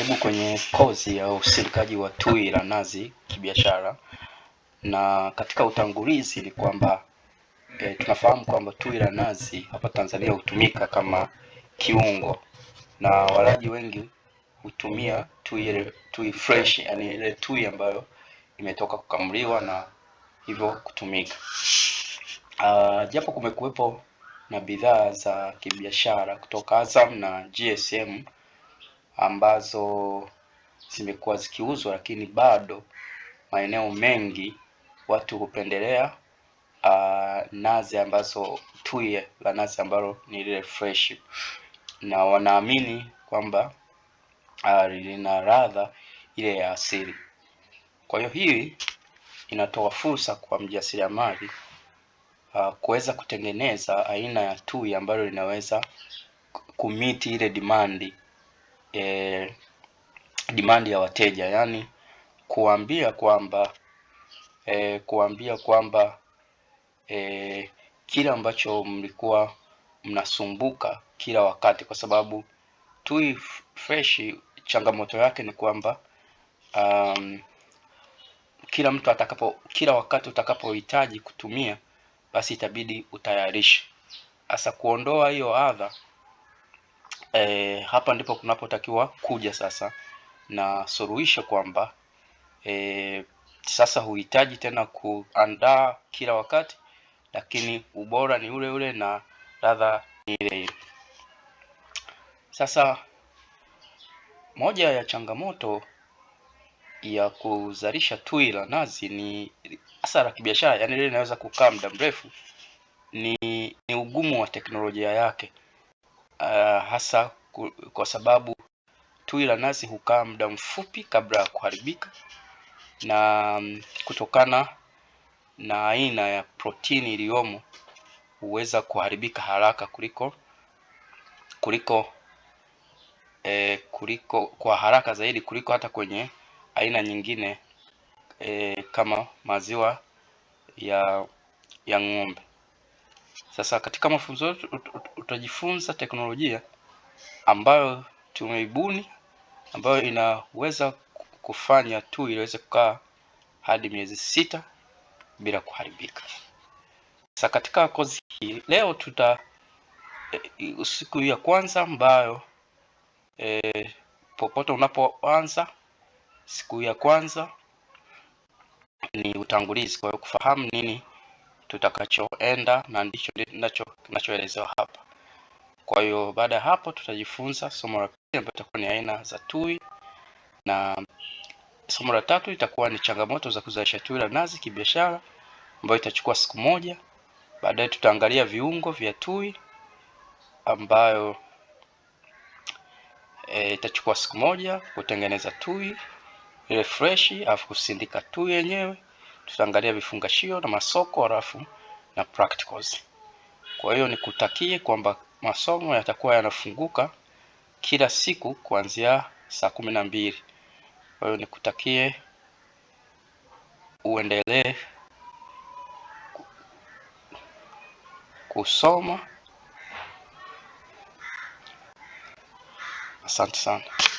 Karibu kwenye kozi ya usindikaji wa tui la nazi kibiashara, na katika utangulizi ni kwamba e, tunafahamu kwamba tui la nazi hapa Tanzania hutumika kama kiungo na walaji wengi hutumia tui, tui fresh, yani ile tui ambayo imetoka kukamuliwa na hivyo kutumika. Uh, japo kumekuwepo na bidhaa za kibiashara kutoka Azam na GSM ambazo zimekuwa zikiuzwa, lakini bado maeneo mengi watu hupendelea uh, nazi ambazo tuye la nazi ambalo ni lile fresh, na wanaamini kwamba uh, lina ladha ile ya asili. Kwa hiyo hii inatoa fursa kwa mjasiriamali uh, kuweza kutengeneza aina ya tui ambalo linaweza kumiti ile dimandi e, dimandi ya wateja, yaani kuambia kwamba e, kuambia kwamba e, kile ambacho mlikuwa mnasumbuka kila wakati, kwa sababu tui fresh changamoto yake ni kwamba um, kila mtu atakapo, kila wakati utakapohitaji kutumia basi itabidi utayarishe. hasa kuondoa hiyo adha E, hapa ndipo kunapotakiwa kuja sasa na suluhisho kwamba e, sasa huhitaji tena kuandaa kila wakati, lakini ubora ni ule ule na ladha ni ile ile. Sasa moja ya changamoto ya kuzalisha tui la nazi ni hasa la kibiashara, yaani ile inaweza kukaa muda mrefu, ni, ni ugumu wa teknolojia yake uh, hasa kwa sababu tui la nazi hukaa muda mfupi kabla ya kuharibika na mm, kutokana na aina ya protini iliyomo huweza kuharibika haraka kuliko kuliko E, kuliko kwa haraka zaidi kuliko hata kwenye aina nyingine e, kama maziwa ya ya ng'ombe. Sasa katika mafunzo yetu utajifunza teknolojia ambayo tumeibuni ambayo inaweza kufanya tu iweze kukaa hadi miezi sita bila kuharibika. Sasa katika kozi hii leo tuta e, siku ya kwanza ambayo e, popote unapoanza siku ya kwanza ni utangulizi, kwa hiyo kufahamu nini tutakachoenda na ndicho kinachoelezewa hapa. Kwa hiyo baada ya hapo tutajifunza somo la pili ambalo litakuwa ni aina za tui na somo la tatu litakuwa ni changamoto za kuzalisha tui la nazi kibiashara ambayo itachukua siku moja. Baadaye tutaangalia viungo vya tui ambayo e, itachukua siku moja kutengeneza tui ile freshi, alafu kusindika tui yenyewe tutaangalia vifungashio na masoko halafu na practicals. Kwa hiyo nikutakie kwamba masomo yatakuwa yanafunguka kila siku kuanzia saa kumi na mbili. Kwa hiyo nikutakie uendelee kusoma. Asante sana.